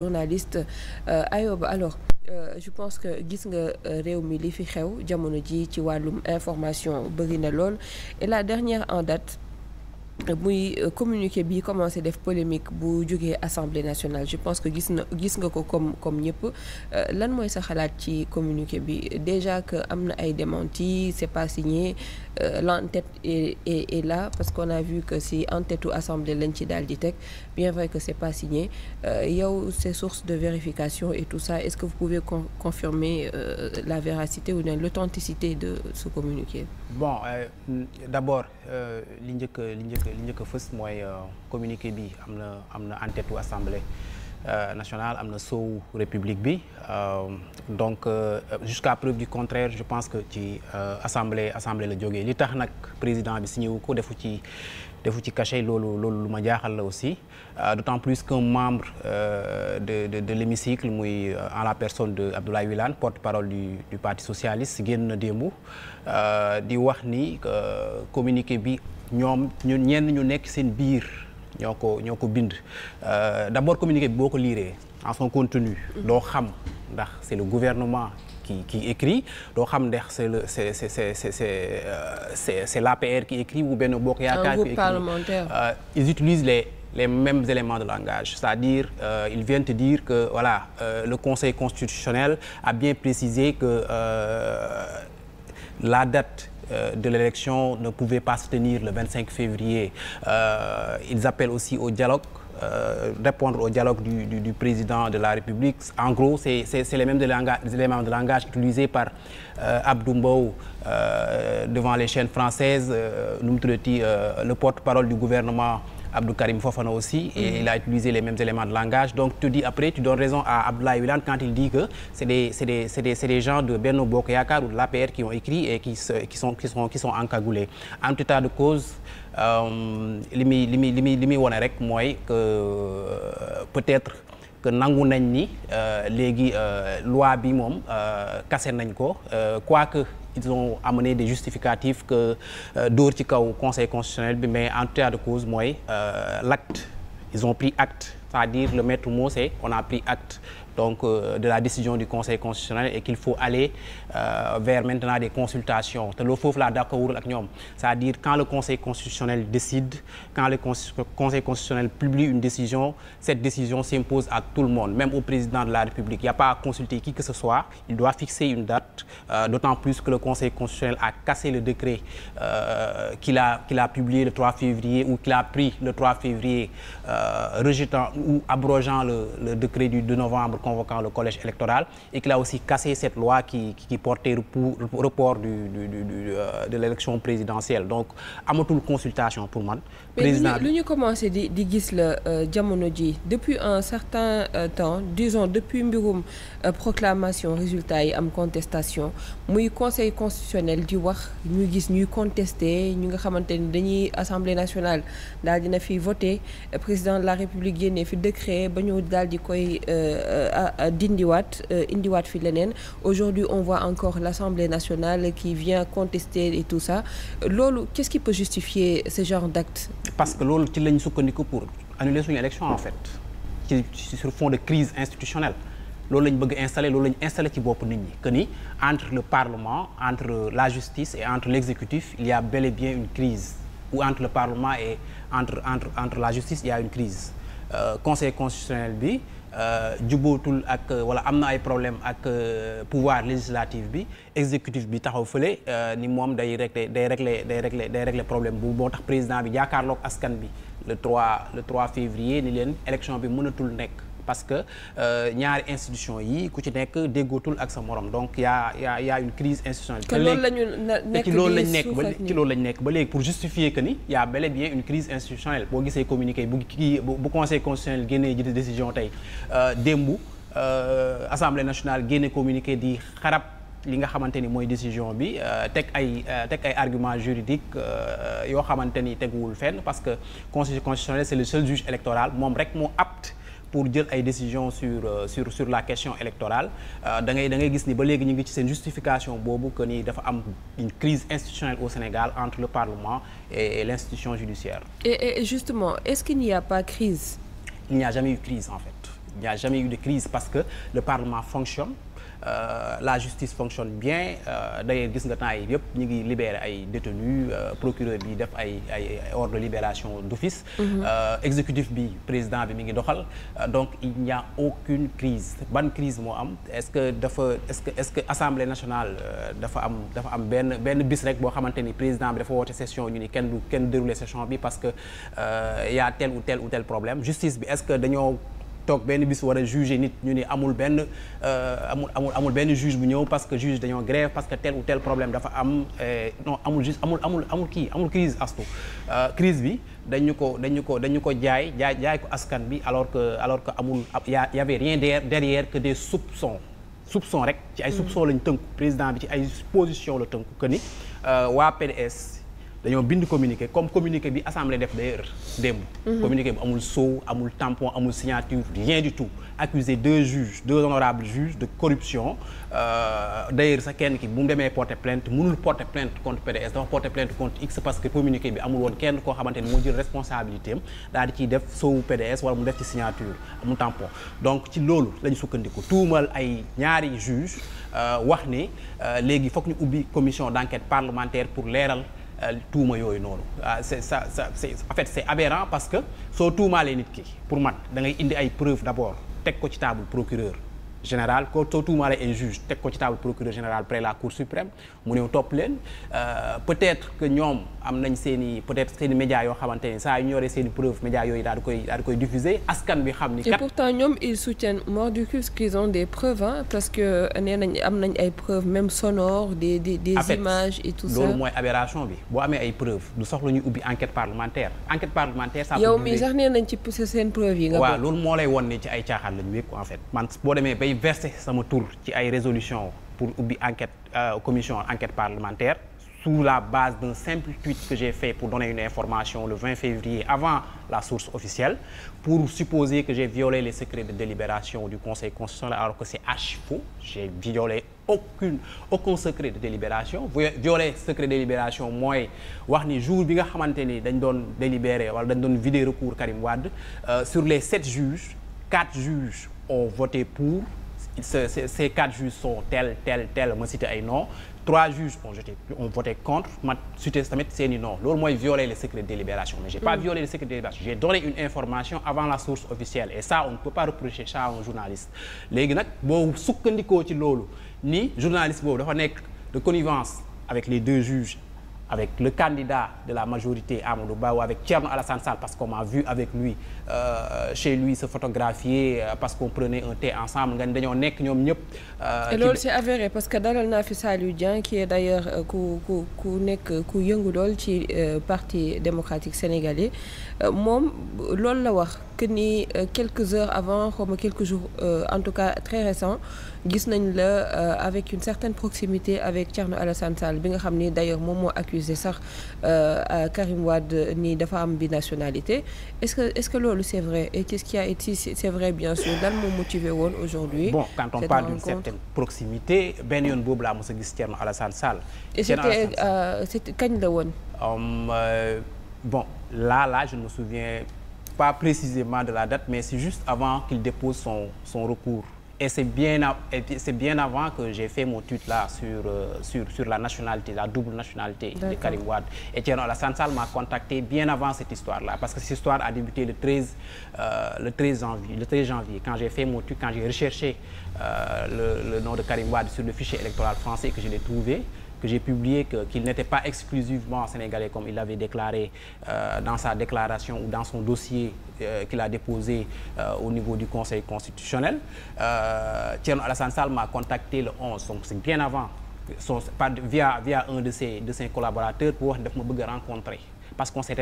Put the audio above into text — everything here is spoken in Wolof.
journaliste euh, Ayoba alors euh, je pense que gis nga euh, réew mi li fi xew jamono ji ci wàllum information bëri na lool et la dernière en date muy communiqué bi commencé def polémique bu jógee assemblée nationale je pense que gis na gis nga ko comme comme ñëpp lan mooy sa xalaat ci communiqué bi déjà que am na ay démenti c'est pas signé euh, l'entête est, est, là parce qu'on a vu que si entête u assemblée lañ ci daal di teg bien vrai que c'est pas signé euh, yow ces sources de vérification et tout ça est-ce que vous pouvez con confirmer euh, la véracité ou bien l'authenticité de ce communiqué bon euh, d'abord li njëkk li njëkk li njëkk a fës mooy communiqué bi am na am na entête u assemblée Euh, nationale am na soowu république bi euh, donc euh, jusqu'à preuve du contraire je pense que ci assemblée assemblée la jógee li tax nag président bi si wu ko defu ci defu ci cachet loolu loolu lu ma jaaxal la aussi d'autant plus qu'un membre de de de l'hémicycle muy en la personne de Abdoulaye Wilane porte-parole du du parti si génn na démb di wax ni communiqué bi ñoom ñun ñu nekk seen biir. ñoo ko ñoo ko bind euh, d'abord communiqué bi boo ko liiree en son contenu mm-hmm. doo xam ndax c'est le gouvernement qui qui écrit doo xam ndax c'est le c'est c'est c'est c'est c'est euh, c'est c'est l'APR qui écrit ou Benno Bokk Yaakaar qui écrit parlementaire euh, ils utilisent les les mêmes éléments de langage c'est-à-dire euh, ils te dire que voilà euh, le Conseil constitutionnel a bien précisé que euh, la date Euh, de l'élection ne pouvait pas se tenir le 25 février. Euh, ils appellent aussi au dialogue. Euh, répondre au dialogue du, président de la République. En gros, c'est les de langage, les éléments de langage utilisés par euh, Abdou Mbow euh, devant les chaînes françaises, euh, nu mu tuddati le porte-parole gouvernement Abdou Karim Fofana aussi et mm-hmm. il a utilisé les mêmes éléments de langage donc tu dis après tu donnes raison à Abdoulaye Wilane quand il dit que c'est des c'est des c'est des c'est des gens de Benno Bokk Yaakaar ou de l'APR qui ont écrit et qui se, qui en tout état de cause euh, li muy li muy li muy li muy wone rek mooy que euh, peut-être que nangu nañ ni euh, léegi loi bi moom kase nañ ko que ils ont amené des justificatifs que euh, dóor ci kaw conseil constitutionnel bi mais en tout cas de cause mooy euh, l'acte ils ont pris acte cest à le maître mot c'est on a pris acte donc euh, de la décision du conseil constitutionnel et qu'il faut aller euh, vers maintenant des consultations te loolu foofu laa d'accordul ak ñoom c'est-à-dire quand le conseil constitutionnel décide quand le conseil constitutionnel publie une décision cette décision s'impose à tout le monde même au président de la République il n'y a pas à consulter qui que ce soit il doit fixer une date euh, d'autant plus que le conseil constitutionnel a cassé le décret qu'il a qu'il a publié le 3 février ou qu'il a pris le 3 février du 2 convoquant le collège électoral et qu'il a aussi cassé cette loi qui qui, qui portait report euh, de l'élection présidentielle donc amatul consultation pour man. lu ñu commencé di gis la euh, jamono ji depuis un certain euh, temps disons depuis mbirum proclamation résultat yi am contestation muy conseil constitutionnel di wax ñu gis ñuy contester ñu nga xamante ni dañuy assemblée nationale daal dina fi voté président de la république génnee fi décret ba ñu daal di koy. dindiwaat euh, indiwaat fi leneen aujourd'hui on voit encore l'Assemblée nationale qui vient contester et tout ça loolu qu'est-ce qui peut justifier ce genre d'acte parce que loolu ci lañ sukkandiku pour annuler suñu élection en fait ci sur fond de crise institutionnelle loolu lañ bëgg installer loolu lañ installer ci bopp ni ñi que ni entre le parlement entre la justice et entre l'exécutif il y a bel et bien une crise ou entre le parlement entre la justice il y euh, bi Euh, jubootul ak euh, wala am na ay problème ak euh, pouvoir législatif bi exécutif bi taxaw fële ni moom day réglé day réglé day réglé day réglé problème bu moo tax président bi jaakaarlook askan bi le trois le 3 février ni leen élection bi mënatul nekk parce que euh, ñaari institution yi ku ci nekk déggootul ak sa morom donc y a y a y a une crise institutionnelle. ci loolu lañu nekk ba ci loolu lañu nekk ba léegi pour justifier que ni y a bel et bien une crise institutionnelle boo gisee communiqué bu kii bu conseil constitutionnel génnee ji décision tey euh, démb euh, assemblée nationale génne communiqué di xarab li nga xamante ni mooy décision bi teg ay teg ay arguments juridiques yoo xamante ni teguwul fenn parce que conseil constitutionnel c'est le seul juge moom rek pour jël ay décisions sur euh, sur sur la question électorale euh, da ngay da ngay gis ni ba léegi ñu ngi ci seen justification boobu que nii dafa am une crise institutionnelle au Sénégal entre le Parlement et l'institution judiciaire. Et, et justement est-ce qu'il n'y a pas crise? Il n'y a jamais eu crise en fait. Il n'y a jamais eu de crise parce que le Parlement fonctionne. Euh, la justice fonctionne bien euh, d'ailleurs gis nga temps yi yëpp ñu ngi libérer ay détenus euh, procureur bi def ay ay ordre de libération d'office mhm. euh, exécutif bi président bi mi ngi doxal donc il n'y a aucune crise ban crise moo am est-ce que dafa est-ce que est-ce que assemblée nationale dafa am dafa am benn benn bis rek boo xamante ni président bi dafa woote session ñu ni kenn du kenn déroulé session bi parce que y a tel ou tel ou problème justice bi est-ce que dañoo toog benn bis war a juger nit ñu ni amul benn euh, amul amul amul benn juge bu ñëw parce que juge dañoo grève parce que tel ou tel problème dafa am non amul juge amul amul amul kii amul crise astu euh, crise bi dañu ko dañu ko dañu ko jaay jaay jaay ko askan bi alors que alors que amul y y avait rien derrière que des soupçons soupçon rek ci ay soupçon lañ tënku président bi ci ay position la tënku que ni euh, waa PDS dañoo bind communiqué comme communiqué bi assemblée def d'ailleurs démb mhm. communiqué bu amul sceau amul tampon amul signature rien du tout accusé deux juges deux honorables juges de corruption euh, d'ailleurs sax kenn ki bu mu demee porter plainte mënul porter plainte contre PDS dafa porter plainte contre X parce que communiqué bi amul woon kenn koo xamante ni moo jël responsabilité am daal di ciy def sceau PDS wala mu def ci signature amul tampon donc ci loolu lañu sukkandiku tuumal ay ñaari juge euh, wax ni euh, léegi foog ñu ubbi commission d'enquête parlementaire pour leeral Euh, tuuma yooyu noonu ah, c'est ça ça c'est en fait c'est aberrant parce que soo lee nit ki pour man da ngay indi ay preuves d'abord teg ko ci table procureur général ko surtout lay un juge teg ko ci table procureur général près la cour suprême mu ñëw topp leen euh, peut-être que ñoom am nañ seen peut-être seen i yoo xamante ni saa yu ñu yoree seen i preuve médias yooyu daal di koy daal di koy diffuser askan bi xam ni kat. pourtant ñoom ils soutiennent Mordicus qu'ils ont des preuves parce que nee nañ am nañ ay preuves même sonores des des des images et tout ça loolu bi boo amee ay preuves ubbi enquête parlementaire enquête parlementaire. sax man boo demee damay verser sama tour ci ay résolution pour ubbi enquête euh, commission enquête parlementaire sous la base d'un simple tweet que j'ai fait pour donner une information le 20 février avant la source officielle pour supposer que j'ai violé les secrets de délibération du Conseil constitutionnel alors que c'est archi faux j'ai violé aucune aucun secret de délibération violé secret de délibération mooy wax ni jour bi nga xamante ni dañ doon délibéré wala dañ doon vider recours Karim Wade euh, sur les sept juges quatre ce ces quatre juges sont tel tel tel ma cité ay trois juges ont jeté contre ma cité tamit seeni non loolu mooy violer le secret de délibération mais j'ai pas mm. violé le secret de délibération j'ai donné une information avant la source officielle et ça on ne peut pas reprocher ça à un journaliste léegi nag boo sukkandikoo ci loolu ni journaliste boobu dafa nekk connivence avec les deux juges avec le candidat de la majorité Amadou Ba ou avec Thierno Alassane Sall parce qu'on m'a vu avec lui euh, chez lui se photographier euh, parce qu'on prenait un thé ensemble nga ni dañoo nekk ñoom ñëpp. Euh, et loolu c'est avéré parce que dalal naa fi Saliou Dieng qui est d'ailleurs euh, ku ku ku nekk ku yëngu lool ci euh, parti démocratique sénégalais moom loolu la wax. que ni euh, quelques heures avant xawma quelques jours euh, en tout cas très récent gis nañ la euh, avec une certaine proximité avec Thierno Alassane Sall bi nga xam ni d'ailleurs moom moo accusé sax Karim Wade ni dafa am binationalité est-ce que est-ce que loolu c'est vrai et quest a été c'est vrai bien sûr lan moo motivé woon aujourd'hui bon quand on parle d'une certaine proximité benn yoon boobu laa mos a gis Thierno Alassane Sall et c'était c'était kañ la woon bon là là je me souviens pas précisément de la date, mais c'est juste avant qu'il dépose son, son recours. Et c'est bien, c'est bien avant que j'ai fait mon tweet là sur, euh, sur, sur, la nationalité, la double nationalité de Karim Wad. Et tiens, la Sansal m'a contacté bien avant cette histoire-là, parce que cette histoire a débuté le 13, euh, le 13, janvier, le 13 janvier, quand j'ai fait mon tweet, quand j'ai recherché euh, le, le, nom de Karim Wad sur le fichier électoral français que je l'ai trouvé. que j'ai publié que qu'il n'était pas exclusivement sénégalais comme il l'avait déclaré euh, dans sa déclaration ou dans son dossier euh, qu'il a déposé euh, au niveau du Conseil constitutionnel. Euh, Thierno Alassane Sall m'a contacté le 11, donc c'est bien avant son par via via un de ses de ses collaborateurs pour wax daf ma bëgg a rencontrer parce qu'on s'était